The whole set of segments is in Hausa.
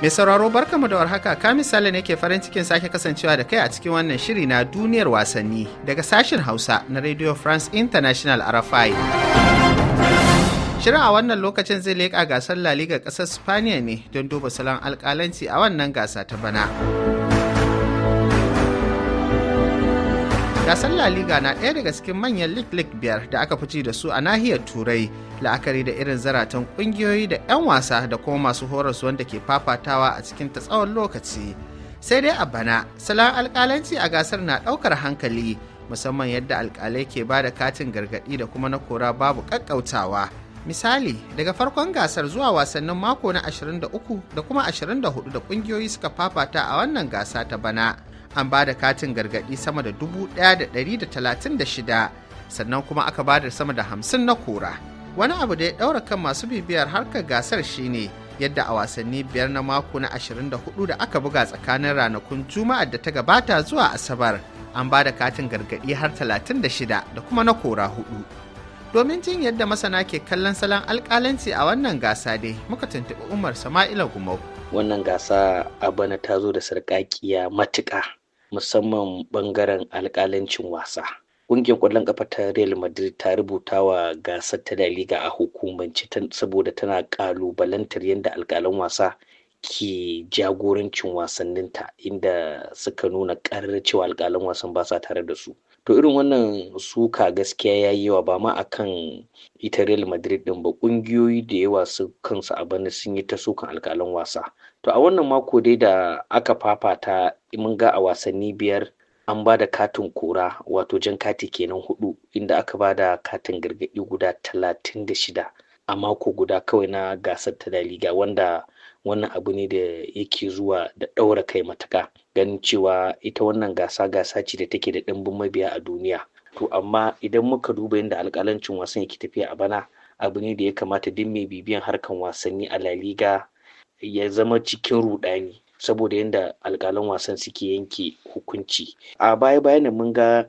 Mai sauraro mu da warhaka ka misali ne ke farin cikin sake kasancewa da kai a cikin wannan shiri na duniyar wasanni daga sashen Hausa na Radio France International RFI. Shirin a wannan lokacin zai leƙa gasar La Liga ƙasar Spaniya ne don duba salon alƙalanci a wannan gasa ta bana. gasar La Liga na ɗaya daga cikin manyan lig-lig biyar da aka fi fice da su a nahiyar Turai, la'akari da irin zaratan ƙungiyoyi da 'yan wasa da kuma masu horarsu wanda ke fafatawa a cikin ta tsawon lokaci. Sai dai a bana, salon alƙalanci a gasar na ɗaukar hankali, musamman yadda alƙalai ke ba da katin gargaɗi da kuma na kora babu ƙaƙƙautawa. Misali, daga farkon gasar zuwa wasannin mako na 23 da kuma 24 da ƙungiyoyi suka fafata a wannan gasa ta bana. an ba da katin gargaɗi sama da 1,136 sannan kuma aka ba da sama da hamsin na kora wani abu da ya ɗaura kan masu bibiyar harkar gasar shine yadda a wasanni biyar na mako na 24 da aka buga tsakanin ranakun juma'ar da ta gabata zuwa asabar an ba da katin gargaɗi har 36 da kuma na kora hudu domin jin yadda masana ke kallon salon alkalanci a wannan gasa dai muka tuntuɓi umar sama'ila gumau wannan gasa a bana ta zo da sarƙaƙiya matuƙa musamman bangaren alkalancin wasa. Ƙungiyar ƙwallon ƙafa ta Real Madrid ta rubuta wa gasar ta La Liga a hukumance saboda tana ƙalubalantar yadda alƙalan wasa ke jagorancin wasanninta inda suka nuna ƙarar cewa alƙalan wasan ba sa tare da su. to irin wannan suka gaskiya ya yi yawa ba ma a kan ita real madrid din ba kungiyoyi da yawa su kansu a bana sun yi ta sukan alkalan wasa to a wannan mako dai da aka fafata mun ga a wasanni biyar an ba da katin kora wato jan kati kenan hudu inda aka ba da katin gargaɗi guda talatin da shida a mako guda kawai na gasar ta liga wanda wannan abu ne da yake zuwa da ɗaura kai matuka. ganin cewa ita wannan gasa gasa ce da take da ɗimbin mabiya a duniya to amma idan muka duba yadda alƙalancin wasan yake tafiya a bana abu ne da ya kamata duk mai bibiyan harkan wasanni a laliga ya zama cikin rudani saboda yadda alƙalan wasan suke yanke hukunci a baya bayan mun ga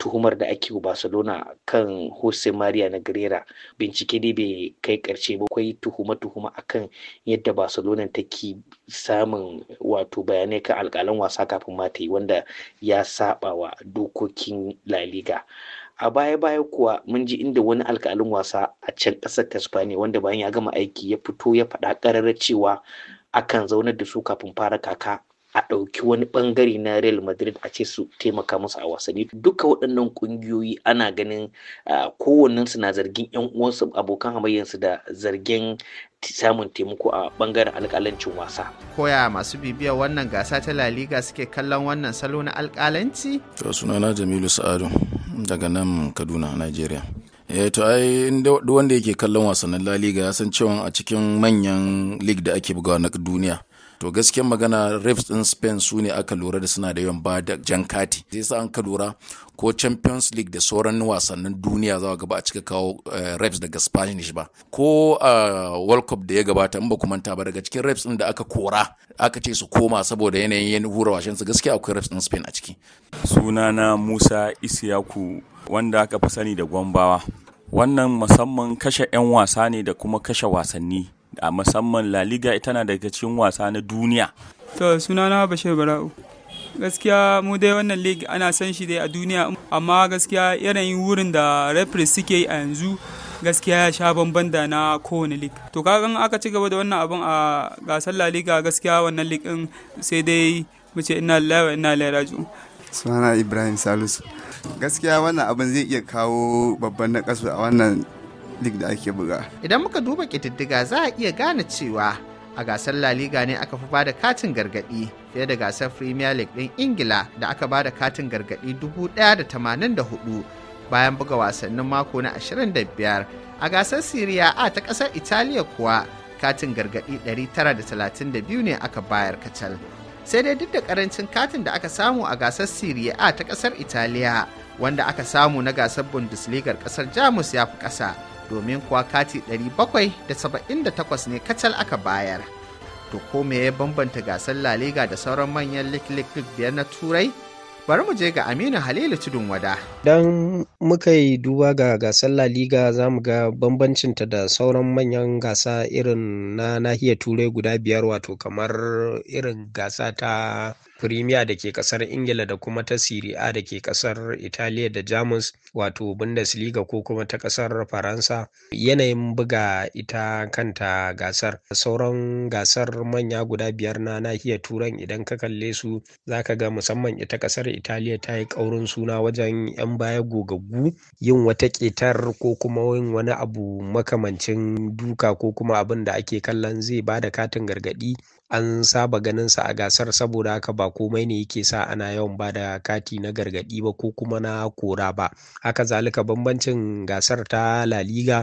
tuhumar da ake wa barcelona kan jose maria na negrera bincike dai bai kai karshe ba kwai tuhuma-tuhuma akan yadda barcelona take samun wato bayanai kan alkalan wasa kafin mata yi wanda ya saba wa dokokin la liga a baya-baya kuwa mun ji inda wani alkalin wasa a can ƙasar tasfani wanda bayan ya gama aiki ya fito ya faɗa ƙararra cewa akan zaunar da su kafin fara kaka a ɗauki wani ɓangare na real madrid a ce su taimaka musu a wasanni duka waɗannan ƙungiyoyi ana ganin su na zargin 'yan uwansu abokan hamayyansu da zargin samun taimako a ɓangaren alƙalancin wasa koya masu bibiyar wannan gasa ta laliga suke kallon wannan salo na alƙalanci to sunana jamilu sa'adu daga nan kaduna nigeria eh to ai duk wanda yake kallon wasannin la ya san cewa a cikin manyan league da ake bugawa na duniya to gaskiyar magana refs in spain su ne aka lura da suna da yawan ba da jan kati zai sa an ka lura ko champions league da sauran wasannin duniya za ga ba a cika kawo eh, refs daga spanish ba ko eh, world cup da ya gabata in ba ku manta ba daga cikin refs din da aka kora aka ce su koma saboda yanayin hura washen su gaskiya akwai refs din spain a ciki sunana musa isiyaku wanda aka fi sani da gwambawa wannan musamman kashe 'yan wasa ne da kuma kashe wasanni a musamman La Liga na daga cikin wasa na duniya. To sunana Bashir Bara'u. Gaskiya mu dai wannan league ana san shi dai a duniya amma gaskiya yanayin wurin da referees suke a yanzu gaskiya ya sha bamban da na kowane league. to kagan aka ci gaba da wannan abin a gasar la liga gaskiya wannan league din sai dai mu ce ina lillahi wa inna ilaihi raji'un sunana ibrahim salisu gaskiya wannan abin zai iya kawo babban nakasu a wannan duk da ake buga idan muka duba ƙididdiga za a iya gane cewa a gasar La Liga ne aka fi ba da katin gargaɗi fiye da gasar Premier League ɗin Ingila da aka ba da katin gargaɗi dubu da tamanin 1,084 bayan buga wasannin mako na 25 a gasar Siriya A ta ƙasar Italiya kuwa katin gargaɗi 932 ne aka bayar kacal. Sai dai duk da ƙarancin katin da aka samu a gasar Siriya A ta ƙasar Italiya wanda aka samu na gasar bundesligar kasar jamus ya fi ƙasa domin kuwa kati 778 ne kacal aka bayar to ko me ya bambanta gasar la liga da sauran manyan lig biyar na turai bari mu je ga aminu halilu tudun wada idan muka yi duba ga gasar la liga za mu ga bambancinta da sauran manyan gasa irin na nahiyar turai guda biyar wato kamar irin gasa ta Premier da ke kasar Ingila da kuma ta Serie A da ke kasar Italiya da Jamus wato Bundesliga ko kuma ta kasar Faransa yanayin buga ita kanta gasar sauran gasar manya guda biyar na nahiyar turan idan ka kalle su za ka ga musamman ita kasar Italiya ta yi kaurin suna wajen 'yan baya gogaggu yin wata ƙetar ko kuma yin wani abu makamancin duka ko kuma abin da ake kallon zai bada katin gargaɗi an saba ganin sa a gasar saboda haka ba komai ne yake sa ana yawan ba da kati na gargadi ba ko kuma na kora ba haka zalika bambancin gasar ta laliga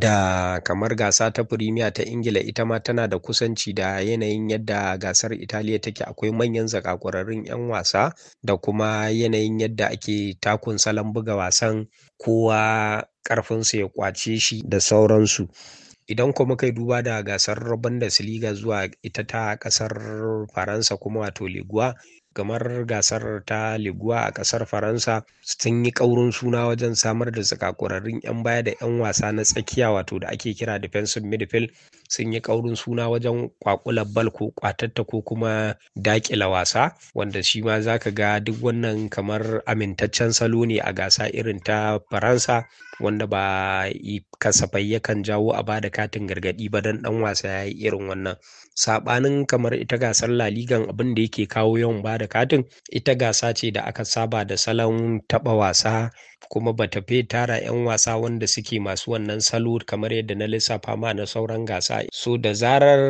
da kamar gasa ta firimiya ta Ingila ita ma tana da kusanci da yanayin yadda gasar Italiya take akwai manyan zakakwararrun 'yan wasa da kuma yanayin yadda ake takun salon buga wasan kowa karfinsu ya kwace shi da sauransu idan kuma kai duba da gasar da siliga zuwa ita ta kasar faransa kuma wato liguwa kamar gasar ta liguwa a kasar faransa sun yi kaurin suna wajen samar da tsakakurarin 'yan baya da 'yan wasa na tsakiya wato da ake kira defensive midfield sun yi kaurin suna wajen kwakula bal ko kwatatta ko kuma dakila wasa wanda shi ma za ka ga duk wannan kamar amintaccen salo ne a gasa irin ta faransa wanda ba kasafai yakan jawo a bada katin gargadi ba dan dan wasa ya yi irin wannan sabanin kamar ita gasar laligan Ligan abin da yake kawo yawan bada katin ita gasa ce da aka saba da salon taɓa wasa kuma ba ta fi tara 'yan wasa wanda suke masu wannan salo kamar yadda na lissafa ma na sauran gasa so da zarar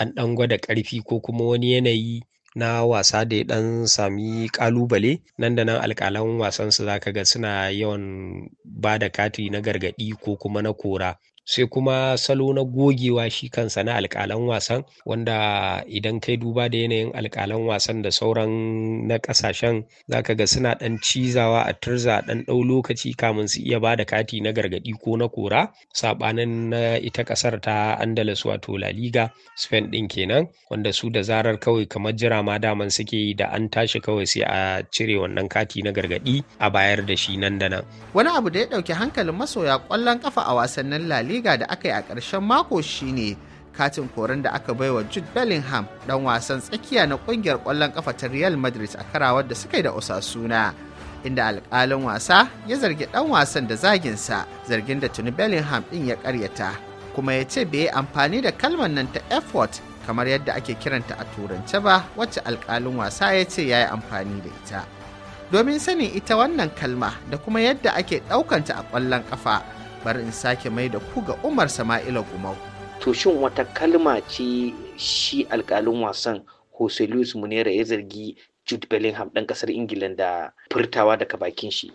an dan gwada karfi ko kuma wani yanayi na wasa da ya dan sami kalubale nan da nan alkalan wasan su zaka ga suna yawan ba da kati na gargadi ko kuma na kora sai kuma salo na gogewa shi kansa na alkalan wasan wanda idan kai duba da yanayin alkalan wasan da sauran na kasashen zaka ga suna dan cizawa a turza dan ɗau lokaci kamun su iya bada kati na gargadi ko na kora sabanin na ita kasar ta andalus wato la liga spain din kenan wanda su da zarar kawai kamar jira ma daman suke yi da an tashi kawai sai a cire wannan kati na gargadi a bayar da shi nan da nan wani abu da ya dauki hankalin masoya kwallon kafa a wasannin lali Liga da aka yi a ƙarshen mako shine katin koren da aka baiwa Jude Bellingham dan wasan tsakiya na ƙungiyar ƙwallon kafa ta Real Madrid a karawar da suka yi da Osasuna. inda alƙalin wasa ya zargi ɗan wasan da zaginsa zargin da tuni bellingham ɗin ya ƙaryata kuma ya ce bai yi amfani da kalmar nan ta effort kamar yadda ake kiranta a turance ba wacce alƙalin wasa ya ce ya yi amfani da ita domin sanin ita wannan kalma da kuma yadda ake ɗaukanta a ƙwallon ƙafa bari in sake mai da ku ga Umar Sama'ila Gumau. To shin wata kalma ce shi alkalin wasan Jose Luis Munera ya zargi Jude Bellingham ɗan ƙasar Ingila da furtawa daga bakin shi.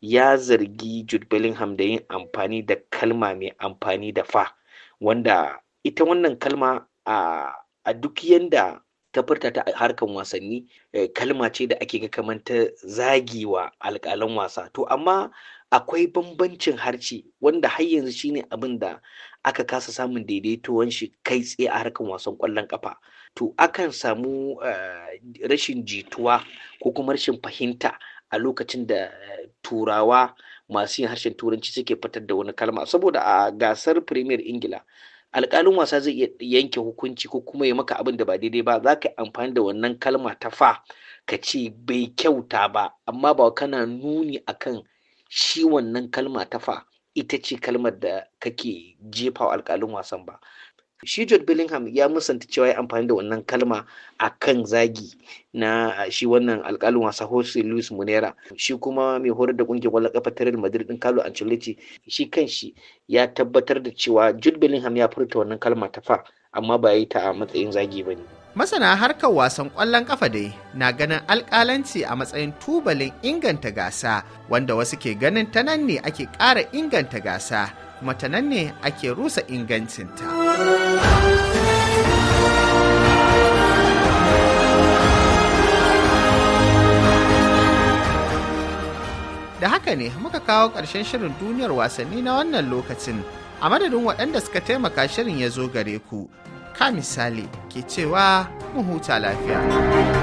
Ya zargi Jude Bellingham da yin amfani da kalma mai amfani da fa wanda ita wannan kalma a duk yanda ta furta ta harkan wasanni eh, kalma ce da ake ga kamar ta zagewa alkalan wasa to amma akwai bambancin harshe wanda har yanzu shine abin da aka kasa samun daidaituwan shi kai tsaye a harkan wasan ƙwallon ƙafa to akan samu eh, rashin jituwa ko kuma rashin fahimta a lokacin da eh, turawa masu yin harshen turanci suke fitar da wani kalma saboda a gasar premier ingila alƙalin wasa zai iya yanke hukunci ko kuma ya maka abin da ba daidai ba za ka yi amfani da wannan kalma ta fa ka ce bai kyauta ba amma ba kana nuni akan shi wannan kalma ta fa ita ce kalmar da kake jefa alƙalin wasan ba shi George Bellingham ya musanta cewa ya amfani da wannan kalma a kan zagi na shi wannan alkalin wasa Jose Luis Munera shi kuma mai horar da kungiyar kwallon kafa ta Real Madrid din Carlo Ancelotti shi kanshi ya tabbatar da cewa Jude Bellingham ya furta wannan kalma ta fa amma ba yi ta a matsayin zagi ba ne. Masana harkar wasan ƙwallon ƙafa dai na ganin alƙalanci a matsayin tubalin inganta gasa wanda wasu ke ganin ta nan ne ake ƙara inganta gasa kuma ta nan ne ake rusa ingancinta. Da haka ne muka kawo ƙarshen shirin duniyar wasanni na wannan lokacin a madadin waɗanda suka taimaka shirin ya zo gare ku. Ka misali ke cewa mu huta lafiya.